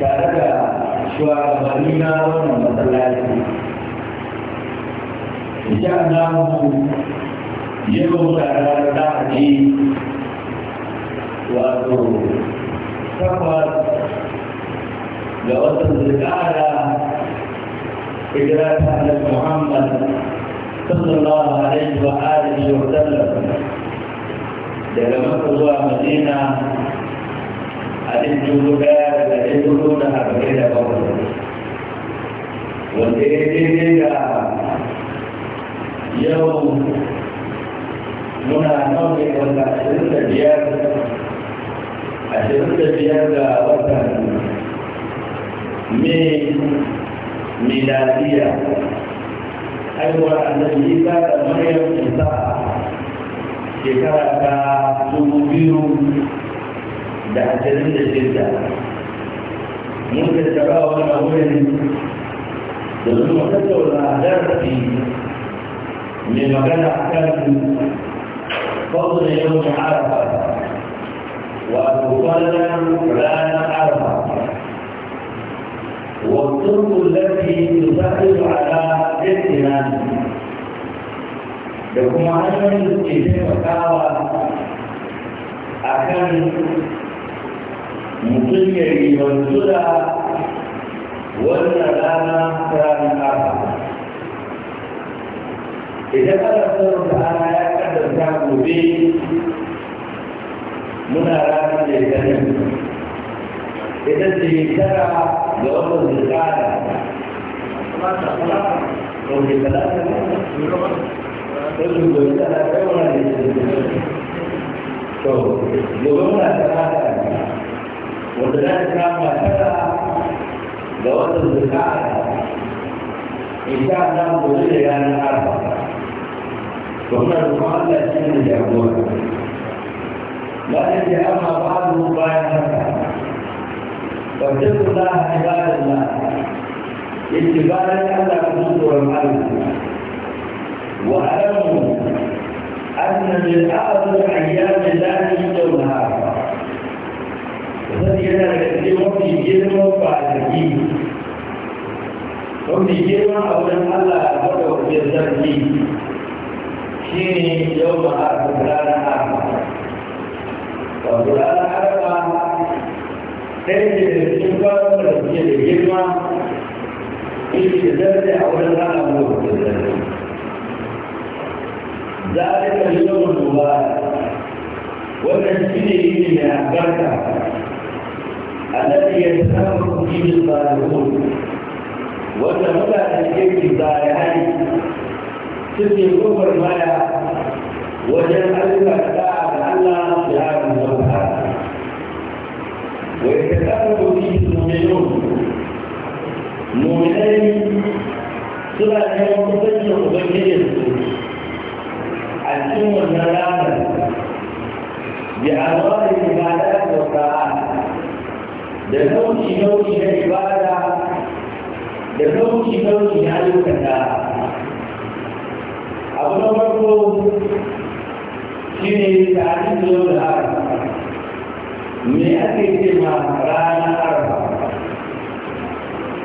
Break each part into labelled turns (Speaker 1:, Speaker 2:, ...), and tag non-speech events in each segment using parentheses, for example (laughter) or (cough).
Speaker 1: tare da shugabanni na wannan masallaci insha Allah mu yau da za a ji wato takwas ga watan zirkara hijira ta Muhammad sallallahu alaihi wa alihi wa sallam daga Makka zuwa Madina a cikin dubu daga ɗari da arba'in da bakwai wanda ya daidai da yau muna nauke wata ashirin da biyar ashirin da biyar ga watan mai miladiya haihuwar annabi isa da maryam isa shekara ta dubu biyu da ashirin da shida ممكن تتابعها وانا اقول لازم اكتب الاهداف دي إيه؟ من مجال احكام فضل يوم عرفه وتكلم رانا عرفه والطرق التي تسهل على الاتنان لكم عنوان الاتفاق akan mutum ya ribantu da wannan rana ranar kafa idan ana sanar da ya kaddanta gobe muna ranar da ya idan da ya tara ga wannan zirkada ɗauke talata ne ɗauke gobe talata ne to gobe muna talata ne وذلك ما شرع جواز الزكاة إن شاء الله بغير يعني أن وهنا ثم يقال لا شيء يقول لكن أما بعضهم باين هكذا الله عباد الله اتباعا على الحدود
Speaker 2: والمعروف
Speaker 1: وعلموا أن من أعظم أيام الله عند النهار zai yana da girma ba mafi yi, fasiki girma a wurin allah a wadda wajen zarfi shi ne yau ma a ranar arba wato ranar arba ɗaya ce da cikin kwanan da suke da girma ita da zarfi a wurin allah
Speaker 2: a wadda wajen zarfi
Speaker 1: za a yi kalli yau ma wannan shi ne yi ne mai albarka الذي يتسبب فيه الصالحون وتمتع الجيش الصالحين تبني الكفر مايا وجعلك الساعة الله سبحانه وتعالى ويتسبب فيه المؤمنون مؤمنين suna neman kusancin ubangijin su a cikin da nau'i nau'i na ibada da nau'i nau'i na ayyukan da abu na farko shi ne tarihin yau da arafa me ake ce ma ranar arafa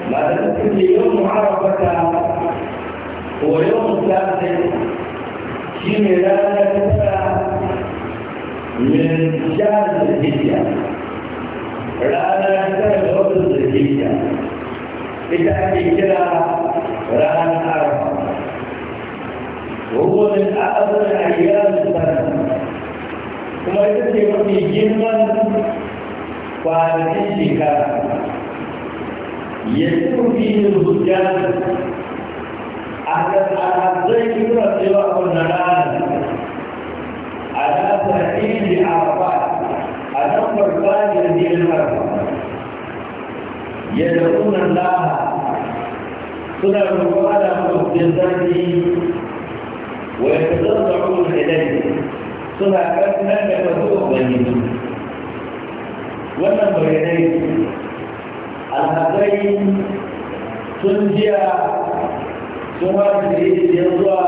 Speaker 1: ba da suke yau mu arafa ta ko yau mu shi ne ranar tara min jihar da Rangkaian hukum kita kita kira rangkaian hukum asal ayat pertama. Kemudian kita dijinkan kualifikasi. Yaitu dihujan agar anak zaitun tidak menarik. Ada perhatian di apa? a nan farfa ne da jirgin farfa yadda suna laha suna rufu ala mutum zarfi zan zaɓu na ilai suna ƙarfinan da wasu ubangi wannan bayanai alhazai sun jiya sun wata da yi da zuwa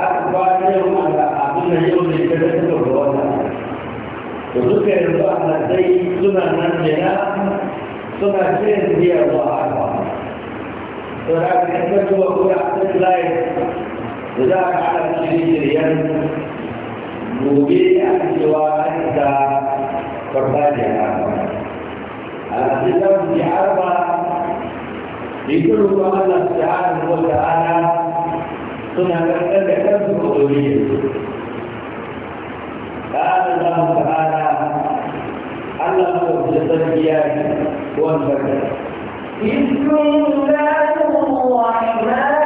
Speaker 1: aka kwana yau a abin da yau ne kada suka ga wata da suka ba a nasai suna nan jana suna shirin biya zuwa haka to da aka yi kasuwa kuma a cikin da za a haɗa shirye-shiryen gobe a cewa an ta farfajiyar haka a cikin lafi arba يقول الله سبحانه وتعالى Sedangkan kita tidak berdua Allah Ta'ala Allah Ta'ala Allah Ta'ala
Speaker 3: Allah Ta'ala Allah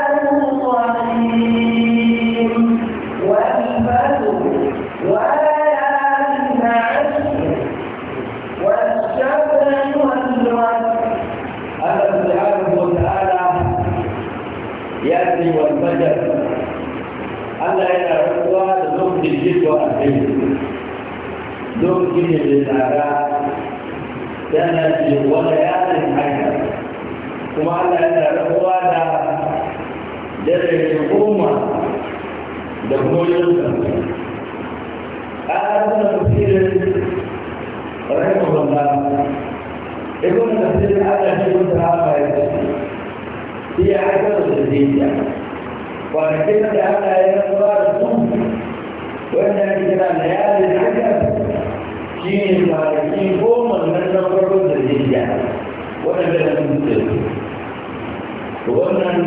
Speaker 1: cewa a kai lokacin da tsara yana ce wanda ya san hanya kuma Allah yana rabuwa da dare goma da goyon ƙarar da tafsirin rahimu banda ibn tafsirin Allah shi wata hafa ya ce shi ya haifar da zai ya kwanakin da Allah ya rabuwa da
Speaker 2: sun wannan ake
Speaker 1: kira na yare hajar shi ne kwanaki goma nan na farko da jiya wannan da nan da su wannan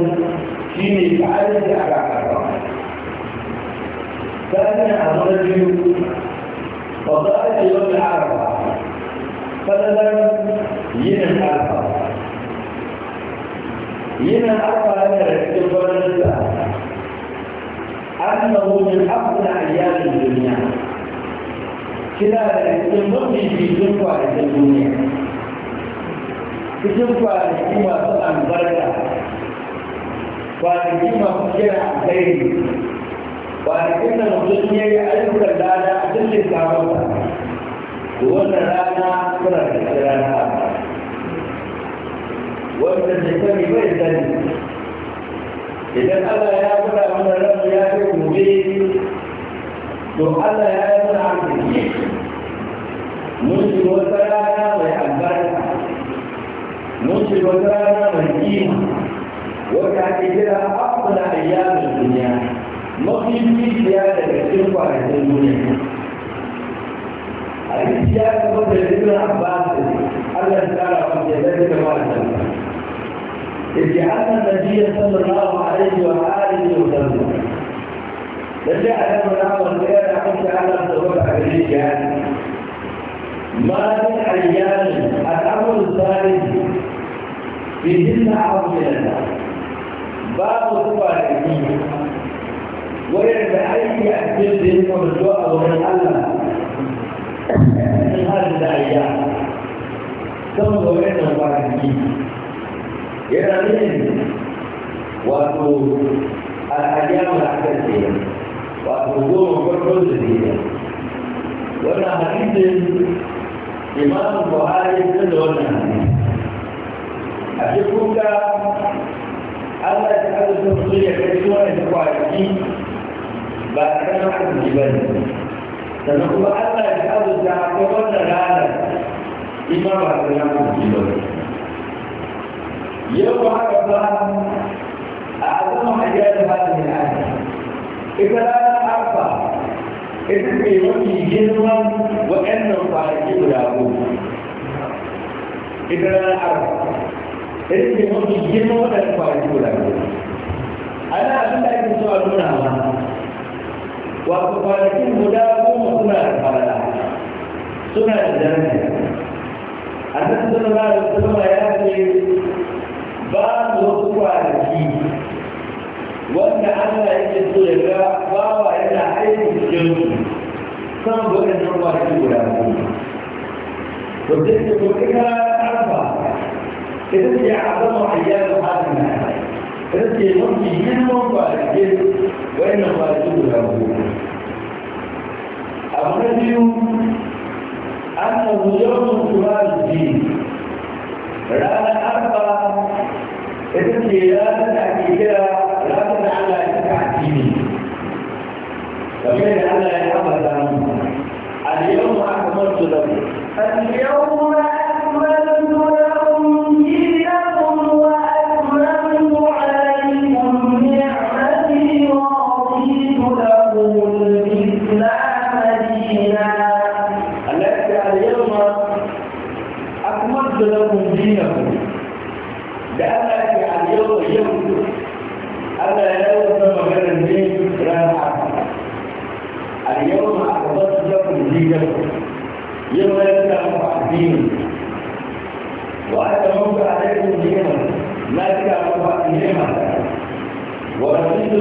Speaker 1: shi ne tsarin da aka karɓa sannan abu na biyu فضائل يوم العرفة فنظر ين العرفة ين العرفة أنا رأيت الفرنسا أنه من أفضل أيام الدنيا كلا يمضي في جنفة الدنيا في جنفة كما سأل بركة kwanaki masu kira a kai kwanakin da mutum yi ayyukan rana a cikin samunsa da wannan rana suna da rana wanda shekaru bai sani idan Allah ya faɗa mana ran ya ce gobe to Allah ya yi mana arziki mun shi wata rana mai albarka mun shi wata rana mai kima wata ake kira afuna ayyamin duniya mafi fifiya daga cikin kwanakin duniya a cikin ya gaba da rikin abbas Allah ya tsara wanda ya zai kama da اتحاد النبي صلى الله عليه وآله وسلم لجاء لنا والبيان حتى على الربع بالرجال ما من أيام الأمر الثالث بهن عظمنا باب الصفاتين ويرد أي أكل بهم الجوع ومن الله من هذه الأيام ثم ويرد الصفاتين yana nufin wato al'ajamu da aka ce wato goma farko da zuriya wannan hadisin imam buhari ya da wannan hadisi a cikin ka Allah ya kada su su ya kai su wani kwanaki ba a kan arziki ba ne sannan kuma Allah ya kada su ta akwai wannan ranar imam ba a kan arziki ba ne يوم هذا الظلام أعظم حجاج هذه الآية إذا لا أعرف إذا في وجه جنوا وأنه صاحب يابوه إذا لا أعرف إذا في وجه جنوا وأنه صاحب يابوه أنا أقول لك سؤال هنا وأقول لك يابوه وسنة الحمد لله سنة الجنة أنت تقول لك سنة يا wanda Allah yake so ya ga bawa yana aiki cikin su san bukan nan ba shi guda ko da ke ko kika arfa idan ke azama ayyalu hadina idan ke mafi girman kwanaki wayannan kwanaki guda ko abu na biyu أنه يوم كمال الدين رانا أربعة إذن لا تحكي كده ولكن لعل يتبع ديني وكان لعل يحفظ
Speaker 2: اليوم أكملت لكم
Speaker 3: اليوم أكملت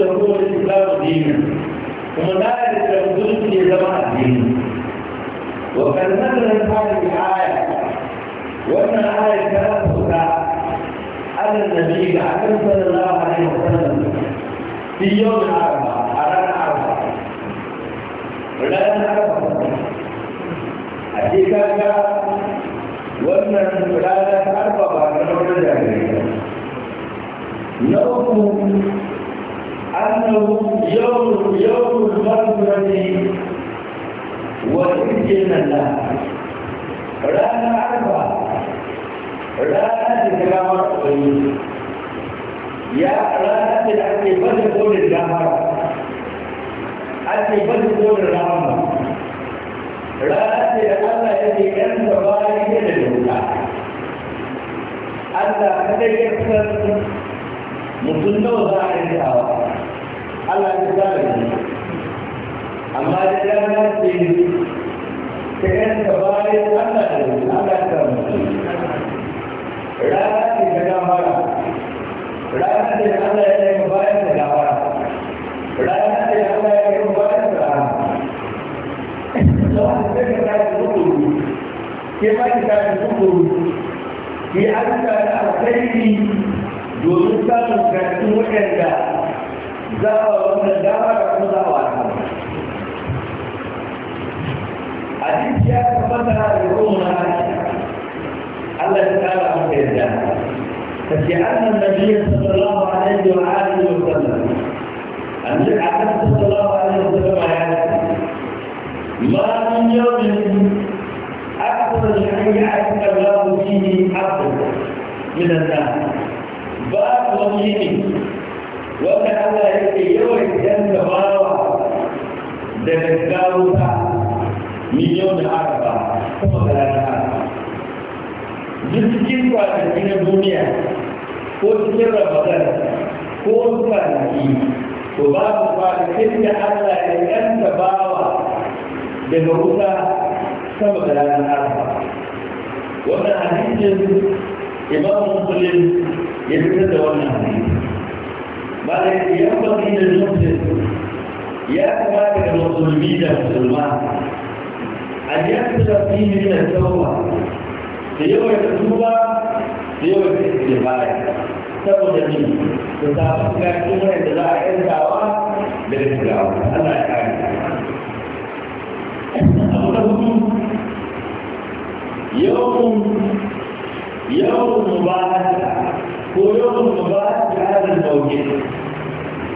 Speaker 1: يكون الإسلام دينا ومن لا يجد وجود لجماعة وكان مثلا هذه الآية وأن الآية كانت على النبي عليه صلى الله عليه وسلم في يوم الأربعاء على الأربعاء ولا الأربعاء حقيقة وأن الأربعاء كانوا من الجاهلية نوم أنهم يوم يوم المرض وإذن الله رانا عرفة رانا تكامر قيم يا رانا تلعبي بس قول الجامعة أتي بس قول الرحمة رانا تلعبي التي أنت بارك للجمعة أنت كده يكسر mutum nawa za a yi da'awa Allah ya tsara ne amma da ya nace ta yanka bayan Allah da Allah ya tsara
Speaker 2: rana ce ta gafara rana ce Allah ya tsara bayan ta
Speaker 1: gafara rana ce Allah ya tsara bayan ta rana don sai ka tashi tukuru ke ma ki tashi tukuru ki an tsara alkhairi domin samun karatu waɗanda za a wa wannan dama da kuma za a wa ta hadisi ya tabbata da ruwan aisha Allah ya kara maka yadda kace annan nabiyyi sallallahu alaihi wa alihi wa sallam annabi sallallahu alaihi wa sallam ya ce ma min yawmin أكثر الحي عتق الله فيه عبده من الناس باب وجهه Wata Allah yake yawan 'yan bawa da gaggawuta min yau da araba kuma da rana duk cikin kwanaki na duniya ko cikin ramadan ko wasu kwanaki to babu kwanakin da Allah ya yanta bawa daga wuta sama da ranar araba wannan hadisin imam muslim ya fitar da wannan hadisi malaka yamma da muslim ya kamata da musulmi da musulma an yadda fi min al-tawba da yawa da tuba da yawa da istibaya saboda ni da sabon gashi mai da za a yantawa da da gawa Allah ya kare
Speaker 2: abu da hudu yawon
Speaker 1: yawon ويوم المبارك بهذا الموجود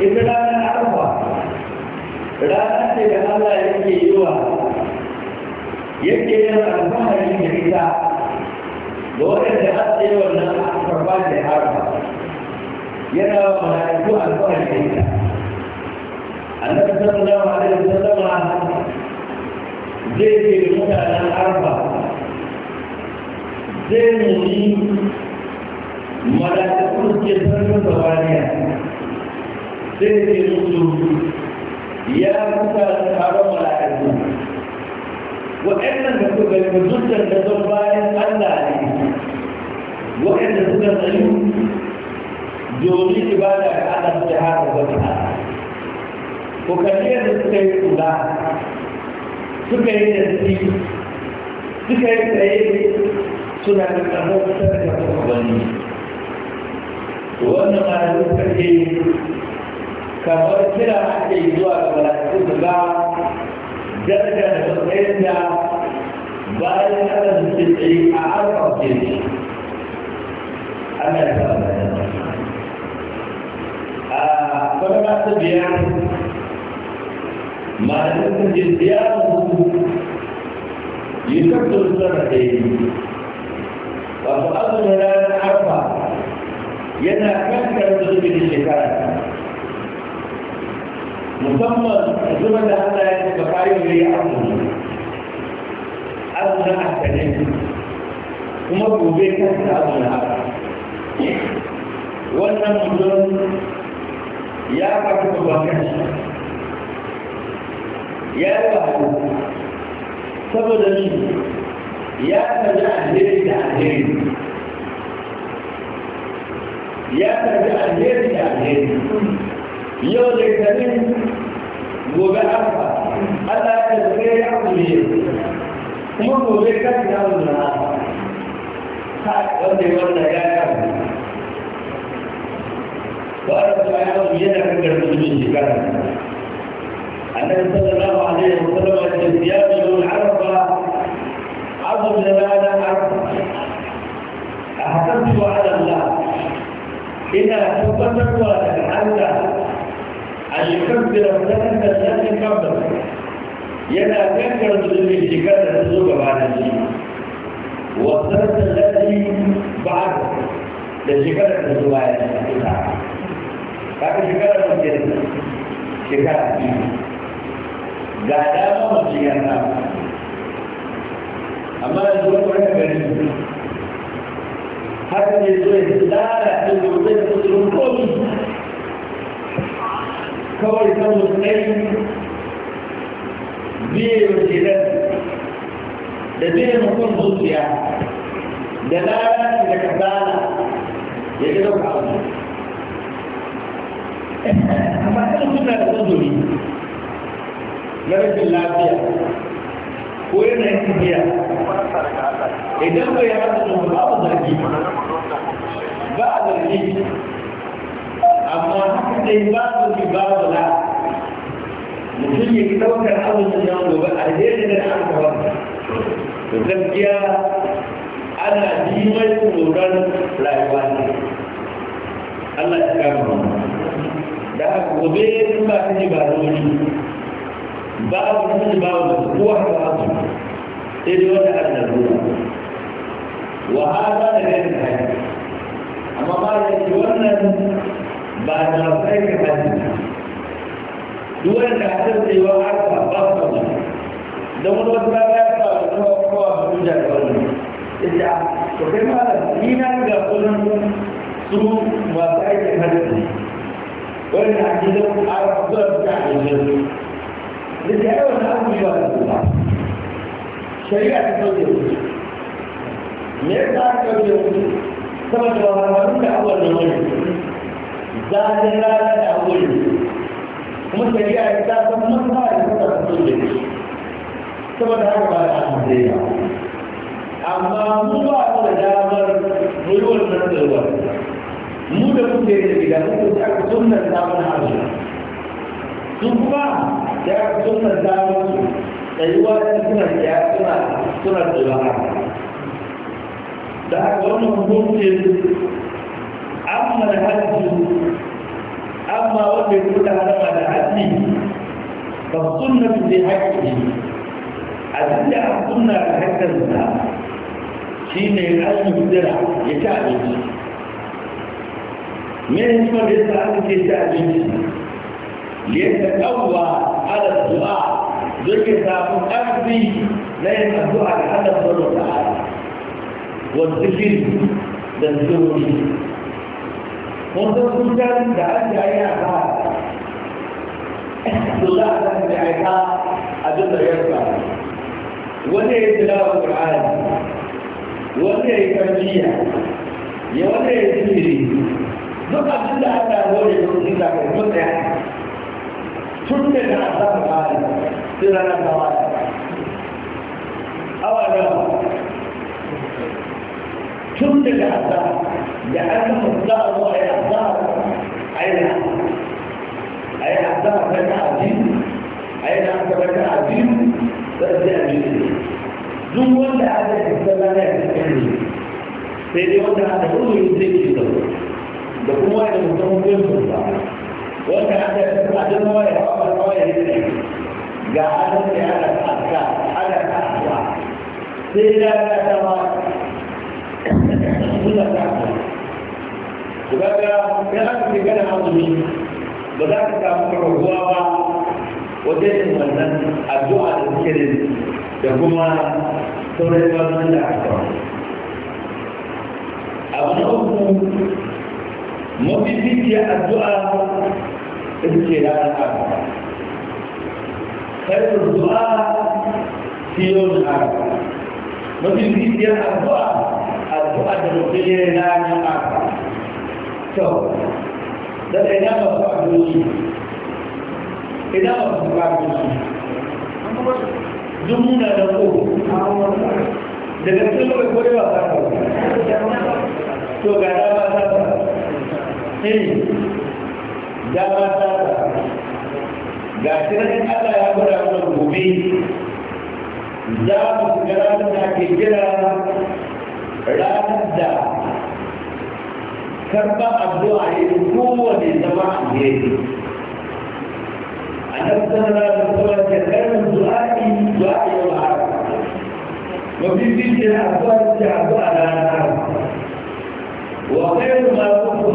Speaker 1: إذا لا نعرفها لا نأتي الله يكي يوها يكي يوها الفهر من الكتاب وإن تأتي ولا أكثر بعد الحرب يرى ملائكة الفهر من الكتاب النبي صلى الله عليه وسلم زي في المتعة الأربعة زي malakatun ke sarkin samaniya sai ke musu ya kusa taron malakatu waɗannan da suka ga mutuntar da zan bayan allah ne waɗanda suka tsayu domin ibada ga allah su jihar da wata ko kaliyar suka yi kula suka yi yanzu suka yi tsaye suna da da
Speaker 2: wani
Speaker 1: wannan malamin sarki kamar kira ake zuwa ga malamin su ga daraja da matsayin da bayan ana zuci tsaye a arfa ke ne ana yi sa a kwanwa ta biya
Speaker 2: malamin sarki
Speaker 1: biya mutu yi kaktar sarrafa yi wato azumin ranar arfa yana kankar da zubin shekara musamman zuba da Allah ya taɓa kayan ya yi azumi azumin asalin kuma gobe ta kanta azumin haka wannan mutum ya faɗi babban ya yi wahala saboda ni ya a jere da a jere. ya karbi alheri da alheri yau da ganin gobe arfa Allah ya karbi ya kule kuma gobe kan ya wuna ta wanda ya wanda ya karbi ba a rasu ya wani yana kan karbi mutum shekara a nan alaihi wa sallam ya ce ya bi yau tabbatarwa daga Allah a shekarar da wadanda ya ce kabbar yana kankar zulmi shekarar da ta zo da shi wasan da zafi ba da shekarar da zuwa ya ce ta kaka shekarar da ke da biyu ga dama mace yana amma da zuwa kwanar gari haka ne zai tsara da zai da kusurin komi kawai kan musulmai biyu jiran da biyu mutum zuciya da lalata da kasala ya ji da kwazo amma kan suna da tsazuri na rashin lafiya ko yanayin tafiya idan bai yi da ba a zargi ba a zargi amma haka dai ba a zargi ba a zala mutum ya ɗaukar azumin nan gobe a daidai da an kawar gaskiya ana ji mai tsoron rayuwa ne Allah ya kama da haka gobe ba ta ji ba da babu kuma babu kowa haka haka sai dai wanda aka da ruwa wa hada da gani haka amma ba da yake wannan ba da kai ka haka duk wanda ka haka sai haka ba ka ba dan wani wata rana ya fara da kowa kowa ba su da wannan ita to kai ma da ni na ga kullun su masu aikin hajji wannan a gidan arabu zuwa ta hajji da ke yawan na abubuwa da kuma shari'a ta kauce mutu ya sa ta kauce mutu saboda wahalhalu da abubuwan nan wani zafin rana da abubuwan kuma shari'a ta san manufa da kuma ta kauce mutu saboda haka ba da amince amma mu ba mu da damar ruwan nan da ruwan mu da kuke da gida mu da aka sunna ta mana hajji ya sunan damar su tsayuwa da suna ya suna suna tsayuwa haka da haka wannan hukuncin amma da hajji amma wanda ya kuɗa harama da hajji ba sunan da hajji abin da a suna da haƙƙarsa shi ne rashin jira ya ci abinci me ya ci ma da yasa aka ce ci abinci ليتقوى على الدعاء ذكر سابق أكبي لا يتقوى على هذا الله تعالى والذكر
Speaker 2: للذكر
Speaker 1: وانتظر كان دعاك أي أعطاء الله أعطاك بأعطاء أدل يرفع وليه تلاوة القرآن وليه تنبيه يا وليه تنبيه duk abin da aka wani da kuma zika ga mutu ya tun da na bari sai rana ta awa da tun da na da an yi mutu a zuwa ya azaba a yi na a yi azaba ta ta a yi na ta ajiyu sai sai ajiyu duk wanda aka yi sallana ya sai dai wanda a yi zai da kuma wani mutum kun sun ba wanda aka yi suna jin hawa ya hawa wani yi ne ga adam da ya rasa aska ana kasuwa sai ya rasa ma (coughs) suna kasuwa ku ga ga ya aka ke gana azumi ba za ka samu rabuwa ba wajen yin wannan addu'a da zikirin da kuma sauran wannan da aka abu na uku mafi addu'a ita ce ranar sai ku zuwa siyon arafa mafi bibiyar addu'a addu'a da mutum ya yi ranar arafa to da da ina masu abinci ina masu abinci duk muna da ko daga cikin kawai kodai ba sa to ga dama sa ta dama ta ta ga Allah ya guda mana gobe za mu shiga ranar da ake jira ranar da karba addu'a ne kowane zama a gefe annabi sallallahu alaihi wasallam ke karɓar du'a
Speaker 2: du'a ya ba
Speaker 1: وفي ذكر أفضل الدعاء على العالم وخير ما كنت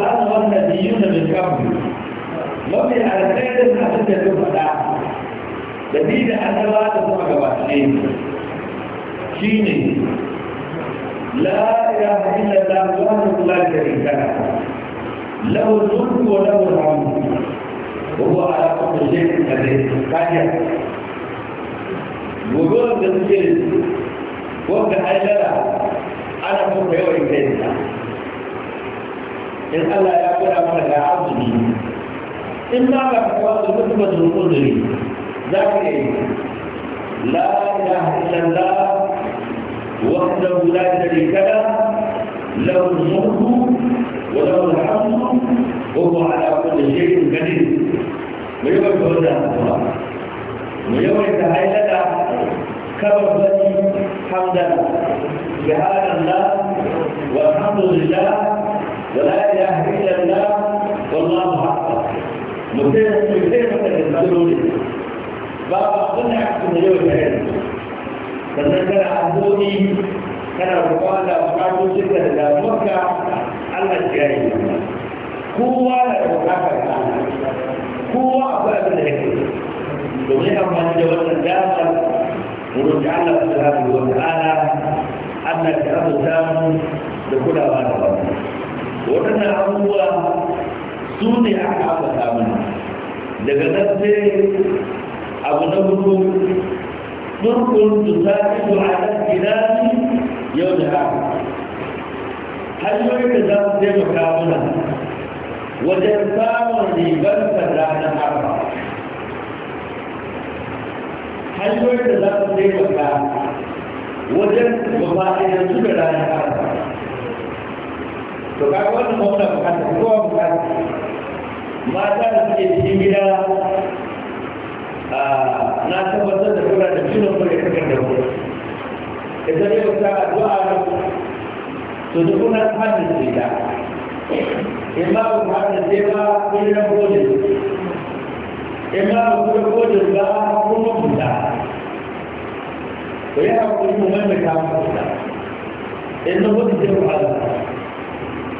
Speaker 1: mafi alkhairin abin da zai faɗa da ni da annaba da kuma gaba
Speaker 2: ne shi ne
Speaker 1: la ilaha illallah wahdahu la sharika lah lahu al-mulku wa lahu al-hamdu wa huwa ala kulli shay'in qadir kaje gobe da suke wanda hajjara ana kuma yawan kai in Allah ya kula mana da azumi in ba ka kawo da mutum da rukun da za وحده لا شريك له له الملك وله الحمد وهو على كل شيء قدير
Speaker 2: ويوم الله ويوم
Speaker 1: تهيئة كبر بني حمدا بهذا الله والحمد لله ولا اله الا الله والله اكبر mutum ya mata da zaloli ba a suna da yau da yi ka akwai abin da yake wannan damar wurin da ya azurta da kulawa da a waɗannan abubuwa su ne aka ambata mana daga nan sai abu na hudu turkun tusafidu ala gidani yau da haka hanyoyin da za su taimaka mana wajen samun ribar ranar haka hanyoyin da za su taimaka wajen mafa'idansu da ranar haka to kaga wannan mauna bukatar kowa
Speaker 2: bukatar
Speaker 1: mata da suke cikin gida ah, na tabbatar da kuna da cin ku da kakar da ku idan yau ta addu'a su duk kuna hannun su ita in ma ku hannun sai ba kun na gode in ma ku da gode ba kun mafuta ku yi haƙuri mu mai mai kama mafuta in na gode sai ku hannun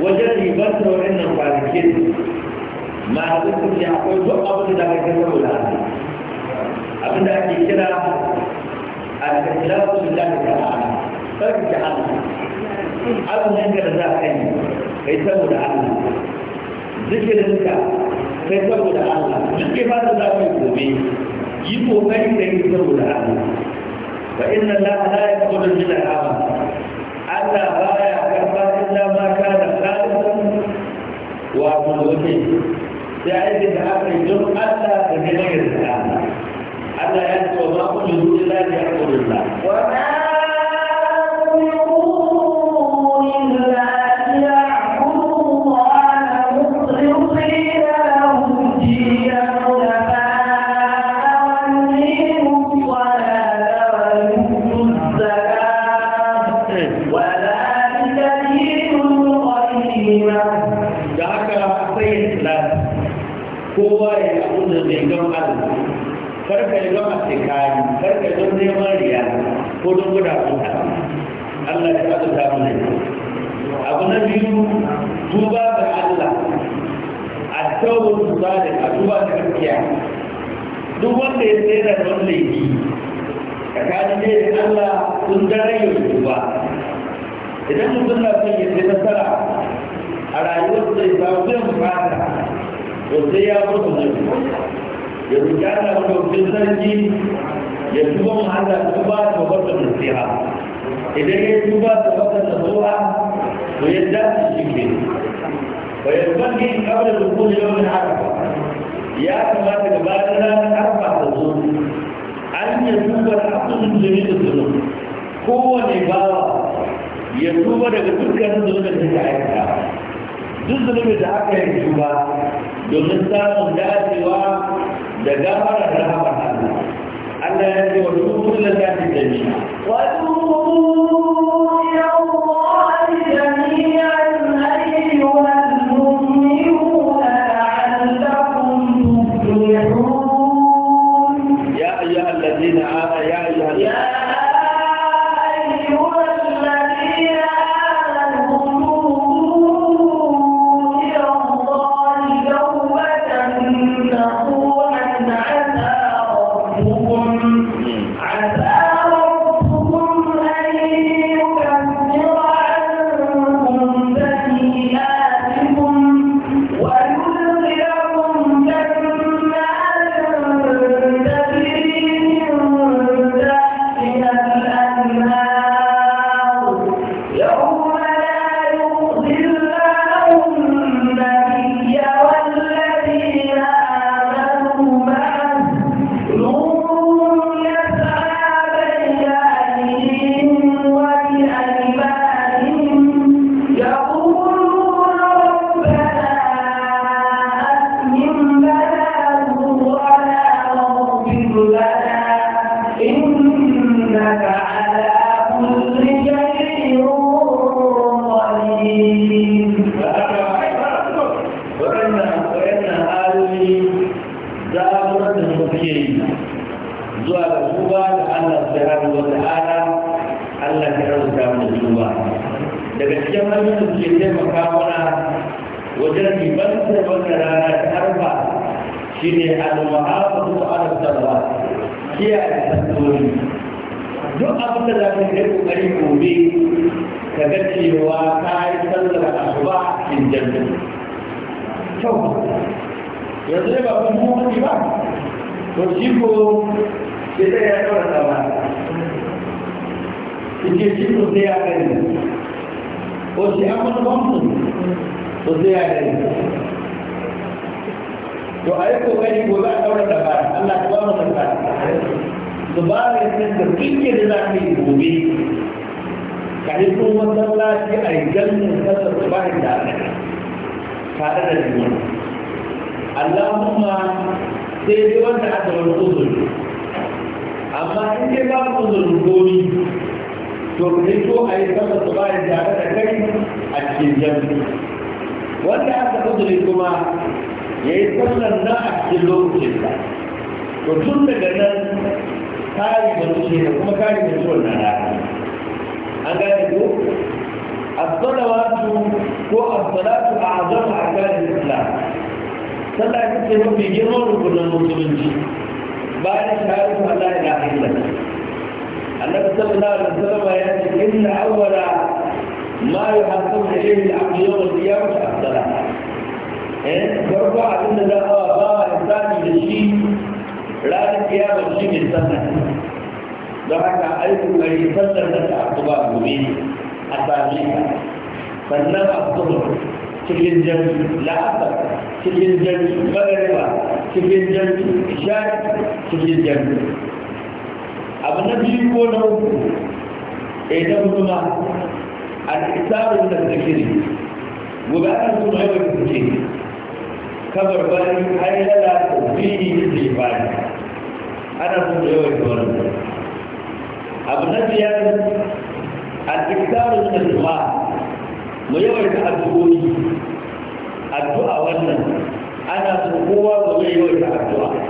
Speaker 1: wajen ribar da waɗannan kwanakin masu kuɗi akwai duk abin da aka kira wula abin da ake kira a tattalasu da ta ta'ala sarki ta Allah abin nan da za ka yi kai saboda Allah ka kai saboda Allah duk ibada za ka yi gobe yi kokari da yi saboda Allah fa inna Allah la yaqbalu min al-amal Allah ba hatta ma kana khalisan wa mulki sai aiki da aka yi don Allah da neman yarda Allah ya ce wa ma kullu illa bi haqqillah wa ma kowa ya yi abin da zai don Allah karka yi gama tsikari karka yi don neman riya ko don guda kuta Allah ya kasu ta mana abu na biyu tuba ga Allah a tsawon tuba da a tuba da gaskiya duk wanda ya tsaye da don laifi tsakanin ne da Allah sun dare ya tuba idan mutum na son ya tsaye nasara a rayuwar zai samu zai mu bukata to sai ya furta da ya roƙi Allah wanda wajen sarki ya tuba mu Allah tuba da wata nasiha idan ya tuba da wata nasiha to ya dace shi ke wa ya bangi kawai da kuma yau na haka ya kamata gabatar ranar arfa da zo an yi tuba da abin zuri da zuru kowane bawa ya tuba daga dukkan zuru da suka aikata duk zuru da aka yi tuba domin samun dacewa da gafarar rahamar Allah Allah ya ce wa duk kullum da ta jami'a
Speaker 3: wa duk
Speaker 1: يا أيها الذين آمنوا يا أيها الذين آمنوا wanda suke taimaka mana wajen ribantar wata rana ta harba shi ne alwahafa zuwa arasarwa kiyaye sastori duk abin da za ka yi kokari gobe ka ga cewa ka yi sallar asuba cikin jami'a kyau yanzu ne ba kun muhimmanci ba to shi ko sai ya kawar da ba shi ke sai ya gani ko shi an wani bambu ko sai ya dare to a yi kokari ko za a daura da ba Allah e e ta ba mu da ba su ba da yin da kike da za ka yi gobe ka yi tun masallaci a yi ganin sallar su ba da tare e da juna Allahumma sai dai wanda aka wani uzuri amma in dai ba mu uzuri to ko a yi sallar su da tare da kai a cikin jami'i wanda aka uzuri kuma ya yi sallar na a cikin lokacin ba to tun daga nan kari da wuce da kuma kari da ciwon na rana an gane ko as-salawatu ko as a a'zamu arkanil islam sallah ita ce mafi girman rukunan musulunci bayan shahadatu Allah ga hanyar النبي صلى الله عليه وسلم يأتي إن أول ما يحصل إليه العبد يوم القيامة الصلاة farko abin da za a ba wa hisabi da shi ranar kiyama shi ne sannan don haka aikin gari sannan da ta asuba gobe a sami ka sannan asuba cikin jami la'asar cikin jami magariba cikin jami ishari cikin jami abu na biyu ko na uku idan kuma al'isarun da zikiri gudanar su mai wani suke kabar bari hailala da biyu da bari ana su da wani wani abu na biyar a al'isarun da zuwa mu yawan ta addu'o'i addu'a wannan ana su kowa ga mai yawan addu'a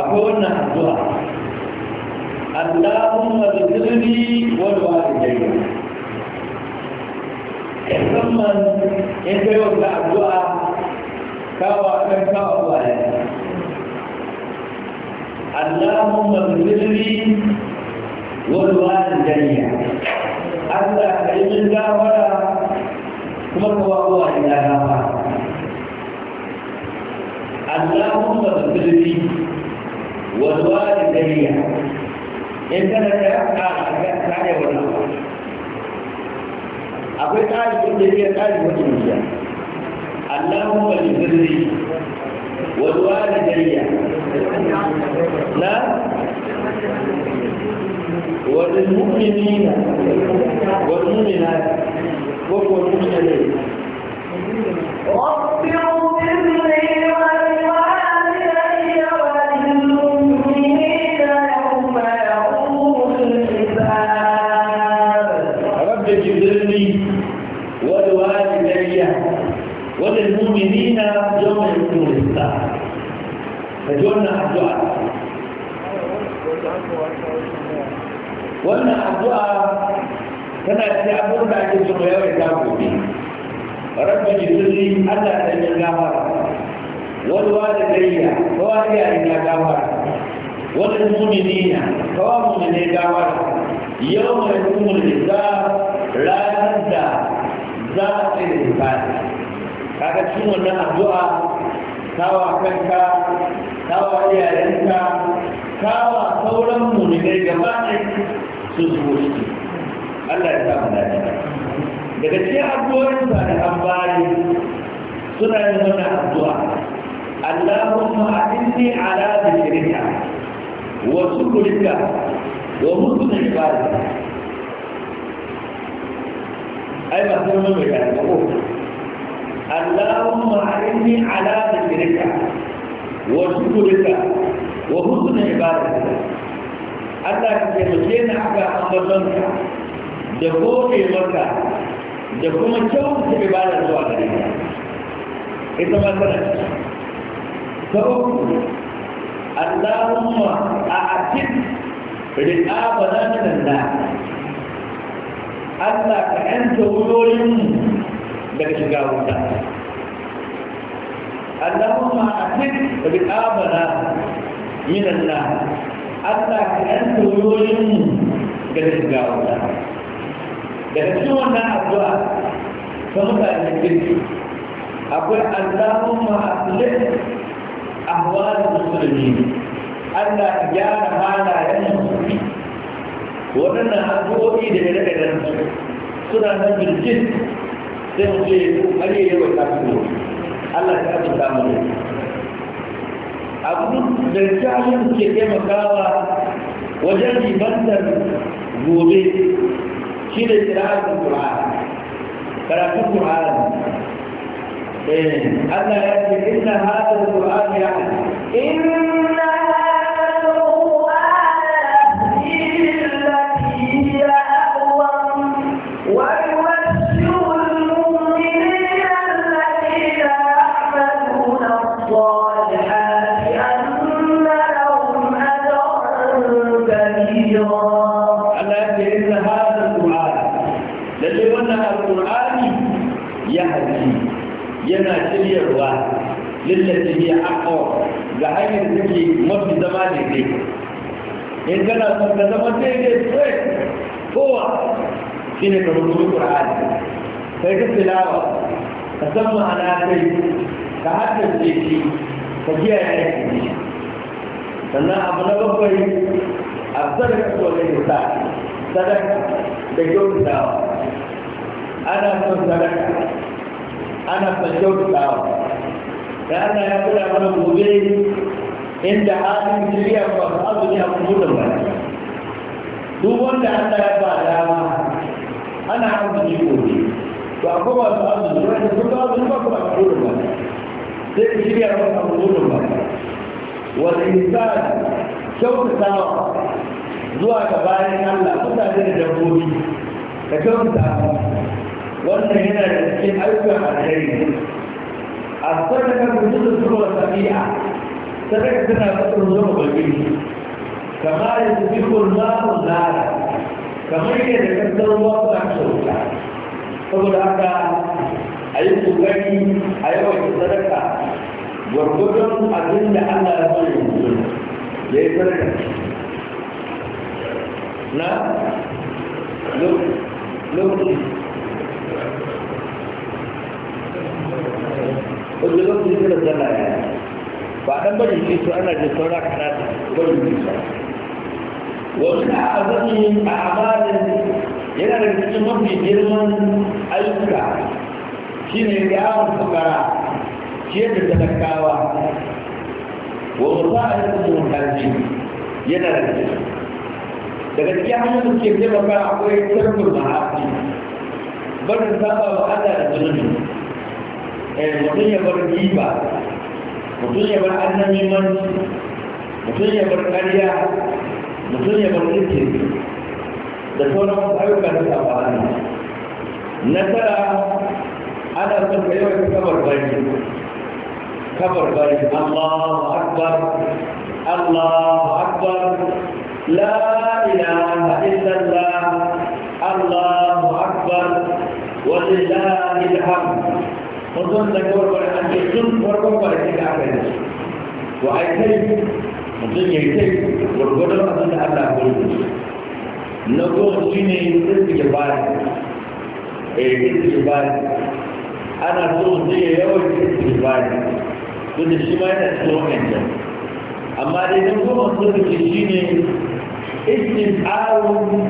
Speaker 1: akwai wannan addu'a Allahumma zikirni wa walidayya musamman in kai wata addu'a kawo kan kawo baya Allahumma zikirni
Speaker 2: wa walidayya
Speaker 1: Allah ka yi min gawara kuma ka wa uwa ina gafa Allahumma zikirni wasuwa da dariya in tana da yaka ta ne wani akwai tsarikin dariya tsarikin dariya allahu wani zirri wasuwa da dariya na
Speaker 2: wani mummini na wani mummina ko kuwa mummina ne wannan abuwa
Speaker 1: wannan addu'a tana ce abin da ake su so yawai ta gobe rabbi jirgi allah ta yi gafara wani wa wani gayya kawa yi na gafara wani ne muminina kawa ne gafara yau mai kuma da ranar da za a tsaye da ta kaga cin wannan addu'a tawa kanka kawa yayanka kawa sauran munigai gaba
Speaker 2: ne su zuwa shi
Speaker 1: Allah ya samu dace daga cikin addu'o'in sa da an bayi suna yin wannan addu'a Allahumma a'inni ala dhikrika wa shukrika wa husni ibadatika ai ba sai mun mai da ko Allahumma a'inni ala dhikrika وشكرك وحسن عبادتك Allah ka muke ni aka ambatonka da goge maka da kuma kyautata ibada zuwa gare ka ita ma tana ta uku Allahumma a atin riqabana minan nar Allah ka yanta wuyoyin daga shiga wuta اللهم أحب رقابنا من الله Allah ka ɗan turoyin ga shiga wuta. Daga cikin wannan addu'a ta mutane kirki akwai Allahun ma'asilin ahwalin musulmi Allah gyara halayen musulmi. Waɗannan addu'o'i da ya daga nan suna nan jirgin sai ya yi wa ta Allah ya rubuta mu ne abu da jahilin ke taimakawa wajen ribantar gobe shi da kira'ar Qur'an karatun Qur'an eh, Allah ya ce inna hada al-Qur'an ya'ti
Speaker 3: inna
Speaker 1: in kana son ka zama daidai sai kowa shi ne ka rubuta ƙur'ani sai ka filawa ka san ma'ana kai ka haddace shi ka kiyaye aiki sannan abu na bakwai a sadaka ko da yusa sadaka da kyautatawa ana son sadaka ana son kyautatawa da ana ya kula mana gobe inda halin jiriya ba su azumi a kudin ba duk wanda Allah ya ba dama ana azumi gobe to akwai ba su ne wanda su ba azumi ba kuma a kudin ba sai ku shirya ba a kudin ba wanda insan kyautatawa zuwa ga bayan Allah mutane da dabbobi da kyautatawa wannan yana da cikin ayyukan alheri a sadaka mutum da suruwar tafiya sadaka tana tsoron zama bakin kama ya tafi kurmamun nara kamar yadda kasar ruwa suna kyauta saboda haka a yi kokari a yawan sadaka gwargwadon abin da allah ya bari mutum ya yi sadaka na lokaci wanda lokaci suna zama ya ba dan bari ne to ana jin saura kana bari ne
Speaker 2: wasu na azamin
Speaker 1: a amalin yana da cikin mafi girman ayyuka shine yawon fukara ce da talakawa wa musa a yanzu mun kaji yana da cikin daga cikin hanyar da ke taimaka akwai tarkul mahafi barin saba wa Allah da zunubi eh, mutum ya bar riba mutum ya bar annabi man mutum ya bar ƙarya mutum ya bar kirki da sauran ayyuka da safa Allah nasara ana son ka yawan kabar bari kabar bari Allahu akbar Allahu akbar la ilaha illallah Allahu akbar ولله الحمد mutum da warware an ce tun farkon kwanaki da aka yi wa a kai mutum ya kai gwargwadon abin da Allah ya gwargwado na goma shi ne tsirki bari eh tsirki bari ana so mutum ya yawan tsirki bari duk da shi ma yana cikin wannan amma dai na goma tsirki shi ne istin tsarin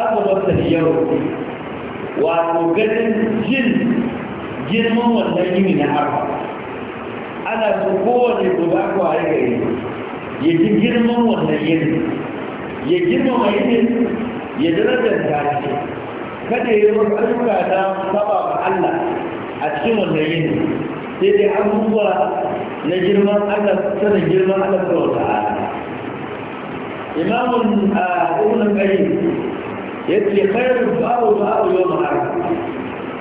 Speaker 1: azubar yau wato ganin jin girman wannan gini na arfa ana so kowane gobe aka waye yi ya ji girman wannan yin, ya yi yin ya darajar tashi kada ya yi ayyuka na saba wa Allah a cikin wannan yin, sai dai abubuwa na girman Allah sanar girman Allah ta wata imamun a ah, ƙunan qayyim ya ce ba'u ba'u yawm yau ma'ar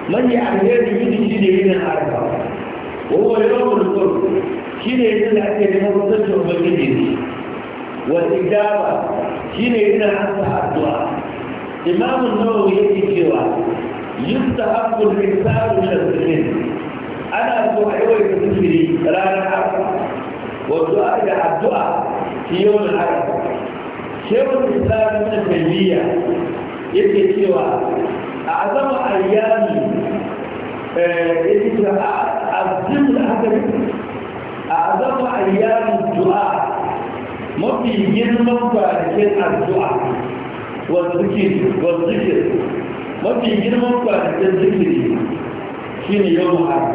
Speaker 1: من يعمل بيدي شيء هنا عارفه وهو يوم القرب شيء هنا لكن هو تشعر بالجديد والإجابة شيء هنا عارفه الدعاء إمام النووي يجي سوى يستحق الإنسان من
Speaker 2: السنين
Speaker 1: أنا أتوحيوه يتسفري لا نعرفه والدعاء إلى الدعاء في يوم العرفة شيخ الإسلام من التنبيه يجي سوى azama ayyami eh yitra azim lahadir azama ayyami addu'a wa zikir wa zikir mafi girman kwanakin zikiri shine yawan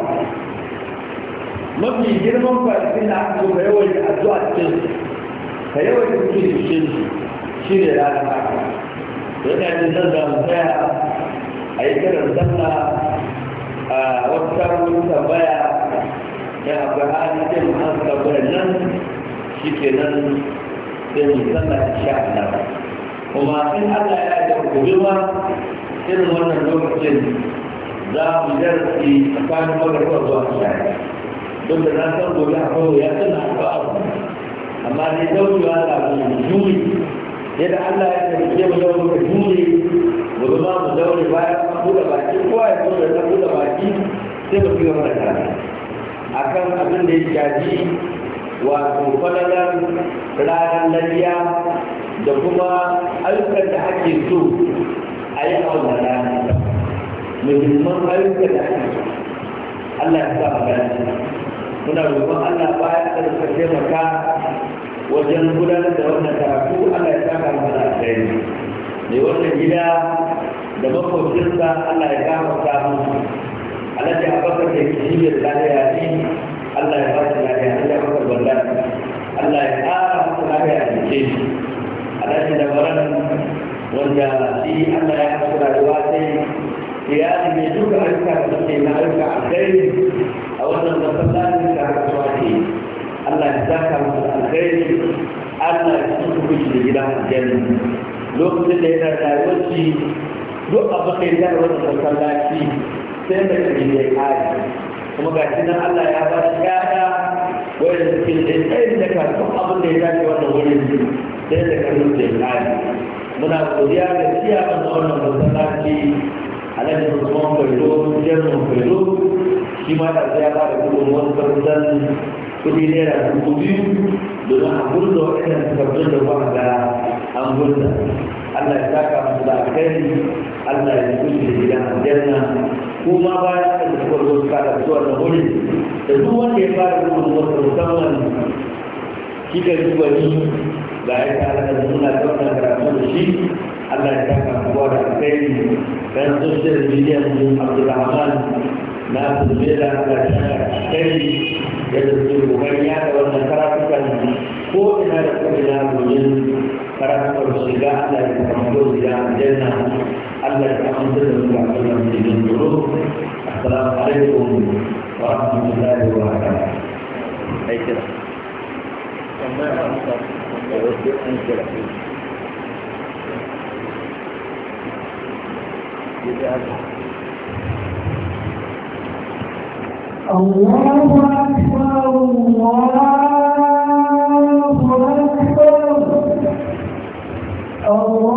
Speaker 1: mafi girman kwanakin da addu'a cikin ka yawan zikiri cikin shine a yi kiran sallah a wata tambaya ya abu halittin an kabarin nan shi ke nan sai mu sha Allah kuma in Allah ya da gobe ma irin wannan lokacin za mu darasi tsakanin magarba zuwa sha don da na san gobe a kawo ya tana ba abu amma dai daukewa da mu juri yadda Allah ya da mu yau muka juri gobe ma mu daure baya an buɗe baki kowa ya zo da ta buɗe baki sai mu fiye mana kara a kan abin da ya shafi wato fadalar ranar lafiya da kuma ayyukan da ake so a yi a wannan rana muhimman ayyukan da ake so Allah ya sa magana muna roƙon Allah baya da taimaka wajen gudanar da wannan karatu Allah ya sa ka mana alheri mai wannan gida da makwabcinsa Allah ya kama ta musu Allah ya baka da ke jibiyar lafiya ne Allah ya baka shi lafiya alhaji abakar wallan Allah ya kara masa lafiya a ke shi ya da waran wanda shi Allah ya kasa rayuwa sai ya yi mai duka ayyuka da ke na ayyuka a kai a wannan masallacin da aka zuwa ke Allah ya zaka masa alkhairi Allah ya kusa kusa da gidan aljanna lokacin da yana rayuwar shi duk abu kai da wani masallaci sai da shi ne kai kuma ga shi nan Allah ya ba shi yaya wanda suke da tsayin da kafin abin da ya dace wannan wurin sai da kafin da kai muna godiya ga a wannan masallaci alhaji musamman kwallo jirgin kwallo shi ma da ya ba da kuma wani karfin kudi naira dubu biyu domin a gudu da waɗannan takardun da ba ga mamurta Allah ya saka mu da kai Allah ya kuce gidan aljanna kuma bayan da su ka su kada da hore da duk wanda ya fara zuwa da musamman ki da su gani ga ya ta da nuna da wannan karatu da shi Allah ya saka mu da kai dan sosial media mu Abdul Rahman na su da ta yadda suke kokarin yada wannan karatukan ko ina da ko ina domin karatukan shiga Allah ya kamto da aljanna Allah ya kamto da mu a kan cikin duro assalamu alaikum wa rahmatullahi wa barakatuh ai kira
Speaker 2: a an sa da wasu an kira Thank you.
Speaker 3: الله أكبر الله أكبر الله